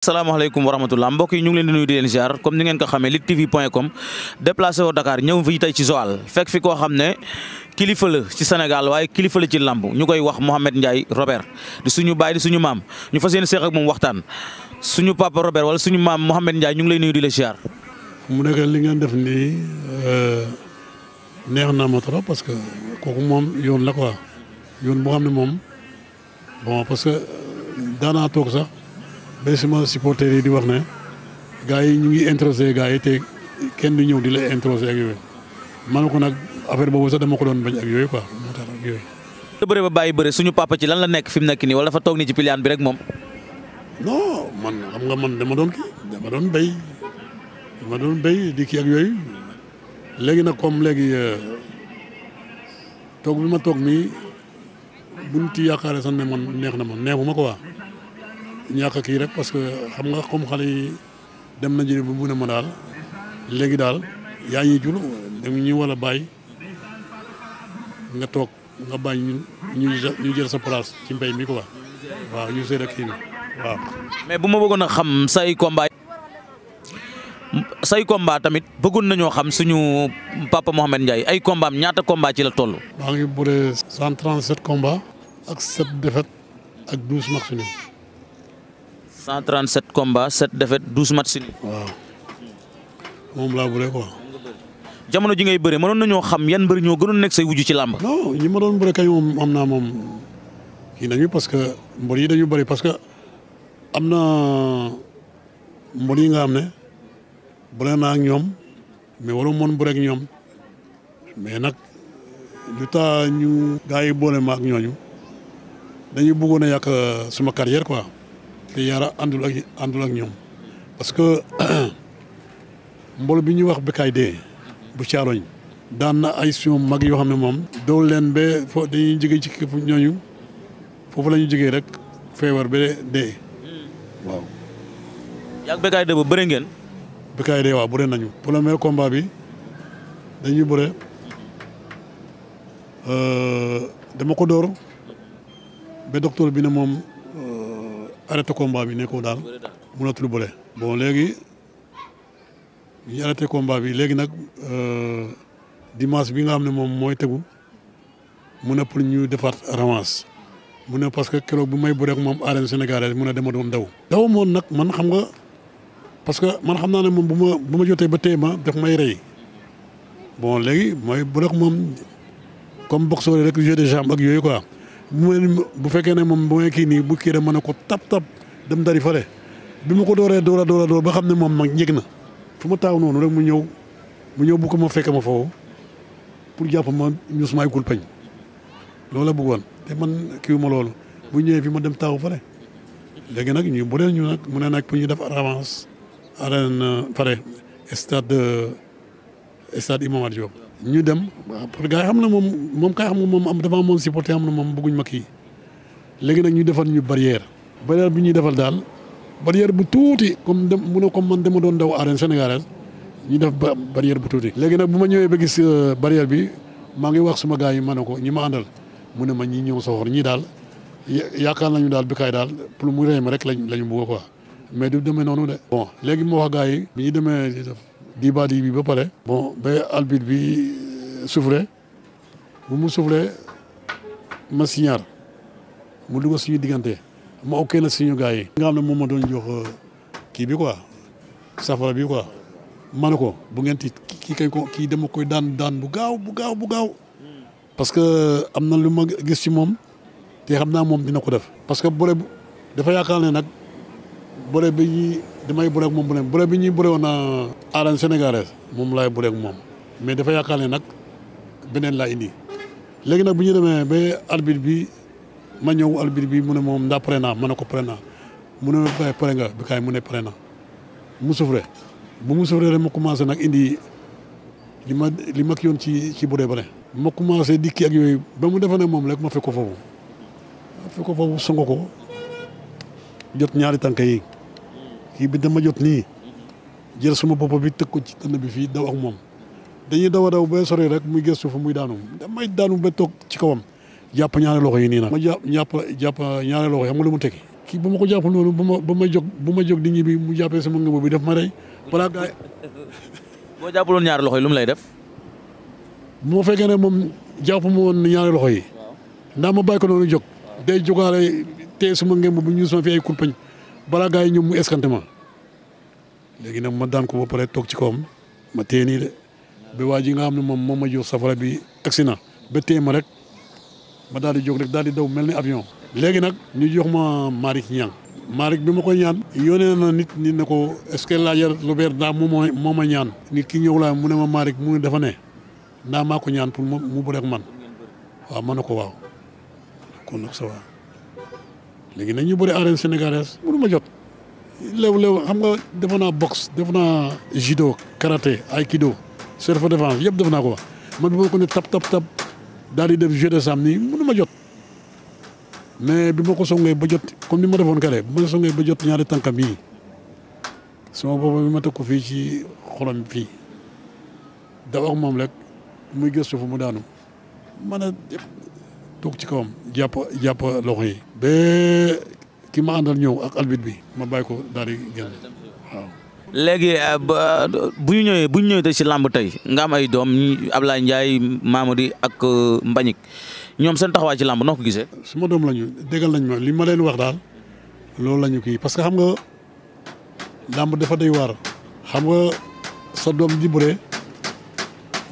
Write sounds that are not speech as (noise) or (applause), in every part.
salaamaaleykum wa rahmatulah mbokk yi ñu ngi leen di nuyu di leen ziar comme ni ngeen ko xamee Lutte TV point com déplacé Dakar ñëw fii tey ci Joal fekk fi koo xam ne kilifa la ci Sénégal waaye kilifa la ci làmb ñu koy wax Mouhamed Ndiaye Robert di suñu baay di suñu maam ñu fa yéene seex ak moom waxtaan suñu papa Robert wala suñu maam Mouhamed Ndiaye ñu ngi lay nuyu di la ziar. mu nekk li ngeen def nii euh, neex na ma trop parce que kooku moom yoon la quoi yoon boo xam ne moom bon parce que euh, daanaa toog sax. ba suma supporters yi di wax ne gars yi ñu ngi introsé gars yi te kenn du ñëw di la introsé ak yooyu man ko nag affaire boobu sax dama ko doon bañ ak yooyu quoi moo tax ak yooyu. te bëre ba bàyyi bëre suñu papa ci lan la nekk fi mu nekk nii wala dafa toog nii ci piliane bi rek moom. non man xam nga man dama doon kii dama doon bay dama doon bay di ki ak yooyu léegi nag comme léegi euh, toog bi ma toog nii buñ ci yaakaare sax ne man neex na ma neexuma ko waa ñàkk kii rek parce que xam nga comme xale yi dem nañu ne bu mu ne ma daal léegi daal yaa ñi jul da ñu war a bàyyi nga toog nga bàyyi ñun ñu jël sa place ci mbay mi ko quoi waaw ñu seet kii waaw. mais bu ma bëggoon a xam say combat. say combat tamit bëggoon nañoo xam suñu papa Mouhamed Ndiaye ay combat ñaata combat ci la toll. maa ngi bëre 137 combat ak 7 défaite ak 12 match nul. 137 combats 7 défaites 12 matchs nuls. waaw moom laa bëree quoi. jamono ji ngay bëree mënoon ñoo xam yan mbër ñoo gënoon nekk say wujju ci làmb. non ñu ma doon bëre kañ moom am naa moom kii nañu parce que mbër yi dañu bëri parce que am na mbor yi nga xam ne bëre naa ak ñoom mais waroon moon bëre ak ñoom mais nag lu tax ñu. gaa yi boole ma ak ñooñu dañu bëggoon a yàq euh, suma carrière quoi. te Yara àndul ak àndul ñoom parce que (clears throat) mbooloo bi ñuy wax Bécaye Deye bu Thiarogne daan na ay suñu mag yoo xam ne moom dool leen ba foo dañuy jógee ci képp ñooñu foofu la ñu jógee rek feebar ba dee waaw yaa ngi Bécaye ba bëre ngeen Bécaye Deye waaw bëre nañu premier komba bi dañuy bëre euh, dama ko door ba docteur bi ne moom arrêté combat bi nekkoo daal mënatul bëre bon léegi ñu arrêté combat bi léegi nag euh, dimanche bi nga xam ne moom mooy tegu mu ne pour ñuy defaat revanche mu ne parce que keroog bu may bëreek moom arène sénégalaise mu ne dama daw. daw moon nag man xam nga parce que man xam naa ne moom bu ma bu ma jotee ba tey ma daf may rey bon léegi mooy bëreek moom comme boxeur rek jeu de jambe ak yooyu quoi. bu bu fekkee ne moom bu may kii nii bu kii rek ne ko tap tap dem dari fale bi ma ko dooree door a door ba xam ne moom nag njëg na fu ma taaw noonu rek mu ñëw mu ñëw bu ko ma fekk ma foofu pour jàpp ma ñu su may gul peñ loolu la bëggoon te man kii ma loolu bu ñëwee fi ma dem taaw fale léegi nag ñu bu dee ñu nag mu ne nag pour ñu def avance arène euh, fare stade euh, stade Iba Mar Diop ñu dem waaw parce que yi xam na moom moom kay xam nga moom am dafa moom supporté am na moom bëgguñ ma kii léegi nag ñu defal ñu barrière barrière bi ñuy defal daal barrière bu tuuti comme dem mu ne comme man dama doon daw arène sénégalaise ñu def barrière bu tuuti. léegi nag bu ma ñëwee ba gis euh, barrière bi maa ngi wax suma gars yi ma ne ko ñi ma àndal mu ne ma ñi ñëw soxor ñii daal yaakaar nañu daal bi kaay daal pour mu rey ma rek lañ lañu bëgg quoi mais du demee noonu de. bon léegi moo wax gars yi bi ñu demee dibaadi bi ba pare. bon ba arbitre bi euh, soufflé bu mu soufflé ma signaar mu dugg suñu diggante ma ok na suñu gars yi. nga xam ne moom ma doon jox euh, kii bi quoi safara bi quoi ma ne ko bu ngeen tiit kii kañ ko kii dama koy daan daan bu gaaw bu gaaw bu gaaw. parce que euh, am na lu ma gis ci moom te xam naa moom dina ko def. parce que boole dafa yaakaar ne nag boole bi li may bëreeg moom bu ne bëreeg bi ñuy bëree woon euh, arène sénégalaise moom laay bëreeg moom mais dafa yaakaar ne nag beneen laa indi léegi nag bu ñu demee ba arbitre bi ma ñëw arbitre bi mu ne moom ndax pare naa ma ne ko pare naa mu ne pare nga bi kaay mu ne pare naa mu souffré bu mu souffré rek ma commencé nag indi li ma li ma kii yoon ci ci bëree bëre. ma commencé dikki ak yooyu ba mu defe ne moom rek ma fekk ko foofu ma fekk ko foofu songo ko jot ñaari tànk yi. kii bi dama jot nii jël sama bopp bi tëg ko ci tënn bi fii daw ak moom dañuy daw a daw ba sori rek muy gëstu fa muy daanu damay daanu ba toog ci kawam jàpp ñaari loxo yi nii nag ma jàpp jàpp ñaari loxo yi xam nga lu ko jàpp noonu ba ma ba ma jóg ba ma jóg di ñibbi mu (laughs) boo jàppaloon ñaari loxo yi lu mu lay def moo fekkee ne moom jàpp ma woon ñaari yi ndax ma bàyyi ko noonu jóg day jógaale tee sama ngëmb bi ñu suma fi ay kurpañ balaa gaa yi ñoom mu eskante ma léegi nag ma daan ko ba pare toog ci kawam ma téye nii de ba waa ji nga xam ne moom moom ma jox safara bi agsi na ba téye ma rek ma daal di jóg rek daal di daw mel ni avion. léegi nag ñu jox ma Malick Niang. Malick bi ma koy ñaan. yónnee na nit ñi na ko est-ce que laajal Robert moo moo ma ñaan. nit ki ñëw laa mu ne ma Malick mu ne dafa ne ndax maa ko ñaan pour mu mu bëreek man waaw ma ne ko waaw kon léegi nag ñu bëri arène sénégalaise mënu ma jot léew-léew xam nga def naa boxe def naa judo karaté aikido self défense yëpp def naa ko man ma ko ne tap tap daal di def jeu de ma jot mais bi ma ko songee ba jot comme ni ma defoon kare bi ma songee ba jot ñaari tànkam yii sama boobu bi ma teg ko fii ci xolam fii da wax moom rek muy gëstu fu mu daanu man toog ci kawam jàpp jàpp loxo yi. ba ki ma àndal ñëw ak albit bi ma bàyyi ko daal di génn waaw. léegi euh, bu ñu ñëwee bu ñu ñëwee ci làmb tey nga am ay doom Ablaye Ndiaye di ak euh, Mbagnick ñoom seen taxawaay ci làmb noo ko gisee. su ma doom lañu déggal nañ ma li ma leen wax daal loolu lañu kii parce que xam nga làmb dafa doy waar xam nga sa doom ji bu dee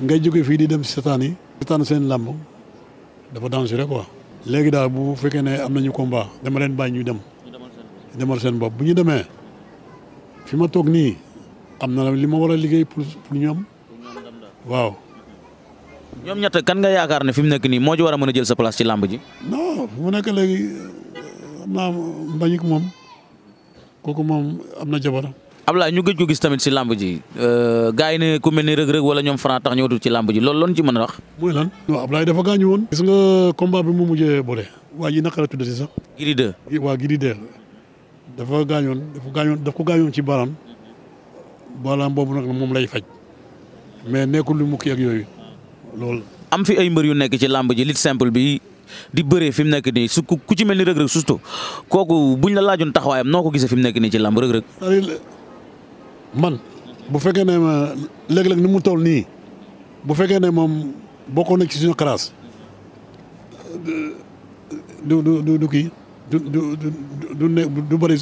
ngay jóge fii di dem seetaan yi seetaan seen làmb. dafa dangereux ko léegi daal bu fekkee ne am nañu combat dama leen bàyyi ñu dem. demal seen bopp bu ñu demee fi ma toog nii am na li ma war a liggéey pour pour ñu waaw. ñoom ñett kan nga yaakaar ne fi mu nekk nii moo ji war a mën a jël sa place ci làmb ji. non fu mu nekk léegi am naa mbañik moom kooku moom am na jabar Ablaye ñu gëj ko gis tamit si lamb ji euh, gars yi ne ku mel ni rëg-rëg wala ñoom faraa tax ñëwatul ci lamb ji loolu loon ci mën a wax mooy lan non Ablaye dafa gaañu woon gis nga combat bi mu mujjee boole waa ji naka la tuddati sax Gris 2 waa Gris 2 dafa gaañoon dafa gaañoon daf ko gaañoon ci baaraam baaraam boobu nag moom lay faj mais nekkul lu mukki ak yooyu loolu am fi ay mbër yu nekk ci làmb ji lit simple bi di bëree fi mu nekk nii su ku ci mel ni rëg-rëg surtout kooku buñ la laajoon taxawaayam noo ko gisee fi mu nekk nii ci lamb rëg-rëg man bu fekkee ne ma léeg nu mu toll nii bu fekkee ne moom bokkoon na ci suñu classe du du du du kii du du du du bëri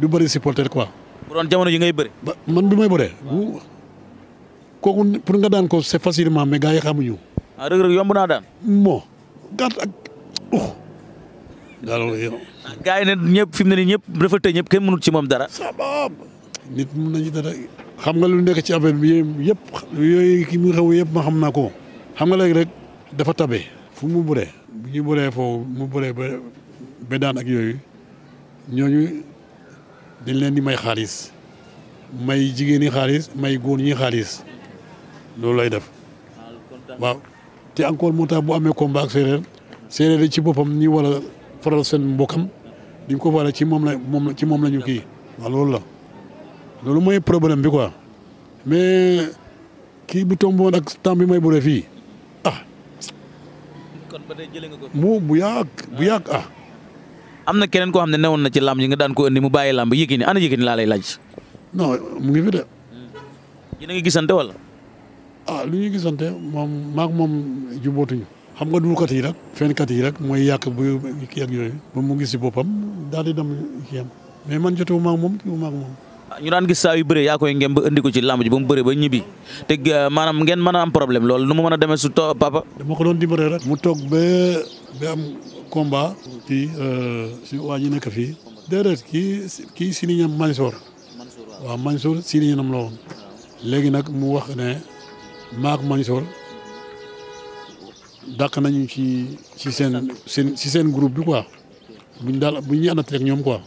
du bëri supporter quoi. bu doon jamono yi ngay bëri. man bi may bëree. kooku pour nga daan ko c'est facilement mais gars yi xamuñu. ah Reug Reug yomb naa daan. moo gàtt ak ux. daal ah, yi ne ñëpp fi mu ne nii ñëpp dafa tëj ñëpp kenn mënut ci moom dara. sabab nit mun nañu dara xam nga lu nekk ci affaire bi yëpp yooyu ki mu xew yëpp ma xam naa ko xam nga léegi rek dafa tabe fu mu bure bu ñuy bëree foofu mu bëree ba ba daan ak yooyu ñooñu dañ leen di may xaalis may jigéen ñi xaalis may góor ñi xaalis loolu lay def waaw te encore moo tax bu amee combat ak séeréer séeréer yi ci boppam ñi war a faral seen mbokkam di ko faral ci moom la ci moom la ñu kii waaw loolu la. loolu mooy problème bi quoi mais kii bu tomboon ak temps bi may bëre fii ah. kon ba tey ko. mu bu yàgg bu yàgg ah. am na keneen koo xam ne newoon na ci làmb yi nga daan ko indi mu bàyyi làmb Yékini ana Yékini laa lay laaj. non mu ngi fi de. yéen a ngi gisante wala. ah lu ñuy gisante moom maak moom jubóotuñu xam nga dulkat yi rek fenkat yi rek mooy yàq bu kii ak yooyu ba mu gis si boppam daal di dem kii am mais man jotewuma ak moom kii wuma ak moom. ñu daan gis saa yu bëree yaa koy ngem ba indi ko ci làmb ji ba mu bëree ba ñibbi te euh, maanaam ngeen mën a am problème loolu nu mu mën a demee su to papa. dama ko doon dimbale rek. mu toog ba ba am combat. kii euh, suñu waa ñu nekk fii. déedéet kii kii siniñam Mansour. waaw Mansour siniñam la woon. léegi nag mu wax ne maak Mansour dàq nañu ci ci seen seen ci seen groupe bi quoi buñ daal buñ ñuy àndat rek ñoom quoi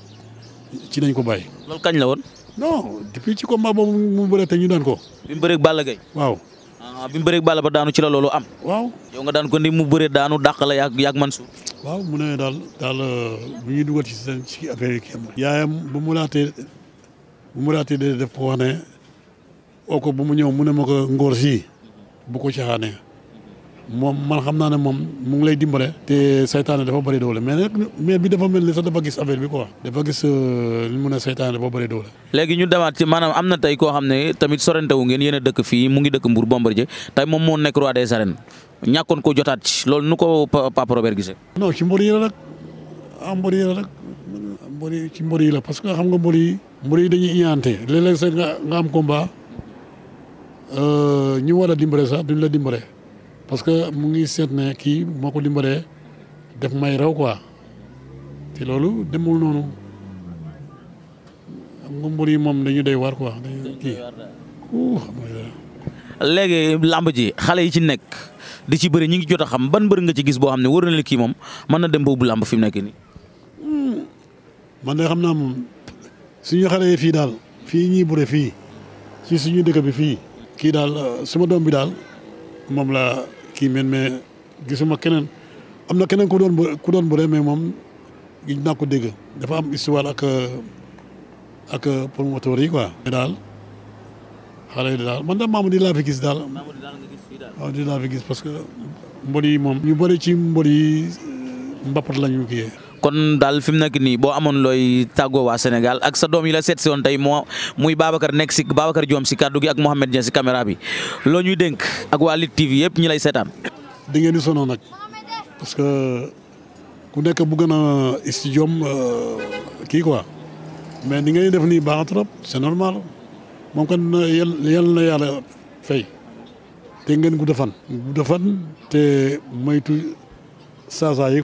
ci nañ ko bàyyi. loolu kañ la woon. non depuis ci combat boobu mu bëre te ñu daan ko. bi mu bëreeg Balla Gaye. waaw. Ah, bi mu bëreeg Balla ba daanu ci la loolu am. waaw yow daan ko ni mu bëree daanu dàq la yàgg yàgg Mansour. waaw mu ne daal daal euh, bu ñuy dugal ci seen ci affaire yaayam bu mu laatee bu mu laatee def ko wax ne oo ko bu mu ñëw mu ne ma ko ngóor si bu ko caaxaanee. moom man xam naa ne moom mu ngi lay dimbale te saytaane dafa bëri doole mais nag mais bi dafa mel ni sax dafa gis affaire bi quoi dafa gis euh, li mu ne saytaane dafa bëri doole léegi ñu demaat ci maanaam am na tey koo xam ne tamit sorante wu ngeen yenn dëkk fii mu ngi dëkk Mbour Bombardier tey moom moo nekk roi des arènes ñàkkoon ko jotaat ci loolu nu ko Papa Robert gisee non ci mbër yi la rek ah mbër yi la rek ci mbër yi la parce que xam nga mbër yi mbër yi dañuy iñaante léeg-léeg nga am combat euh, ñu dimbale sax duñ la dimbale parce que mu ngi seet ne kii moo ko dimbalee def may rew quoi te loolu demul noonu xam nga yi moom dañu day war quoi dañu léegi làmb ji xale yi ci nekk di ci bëri ñu ngi jot a xam ban mbër nga ci gis boo xam ne wër na la kii moom mën na dem boobu làmb fi mu nekk nii. Hmm. man de xam naa moom suñu xale yi fii daal fii ñuy bëre fii ci suñu dëkk bi fii. kii daal euh, suma doom bi daal. moom la kii men mais gisuma keneen am na keneen ku doon ku doon bëre mais moom gis naa ko dégg dafa am histoire ak ak promoteur yi quoi. daal xale yi daal man daal di laa fi gis daal. Mamadou laa fi gis parce que mbër yi moom. ñu bëri ci mbër yi mbapat la ñu kii kon daal fi mu nekk nii boo amoon looy tàggoo waa Sénégal ak sa doom yi la seet si woon tey moo muy Babacar nekk si Babacar Diome si kàddu gi ak Mouhamed Dieng si caméra bi loo ñuy dénk ak waa Lutte TV yëpp ñu lay seetaan. di ngeen di sonn parce que ku nekk bëgg na studio euh, kii quoi mais ni ngeen def nii baax na trop c'est normal moom kon yal na yàlla fay te ngeen gudd fan gudd fan te moytu saa saa yi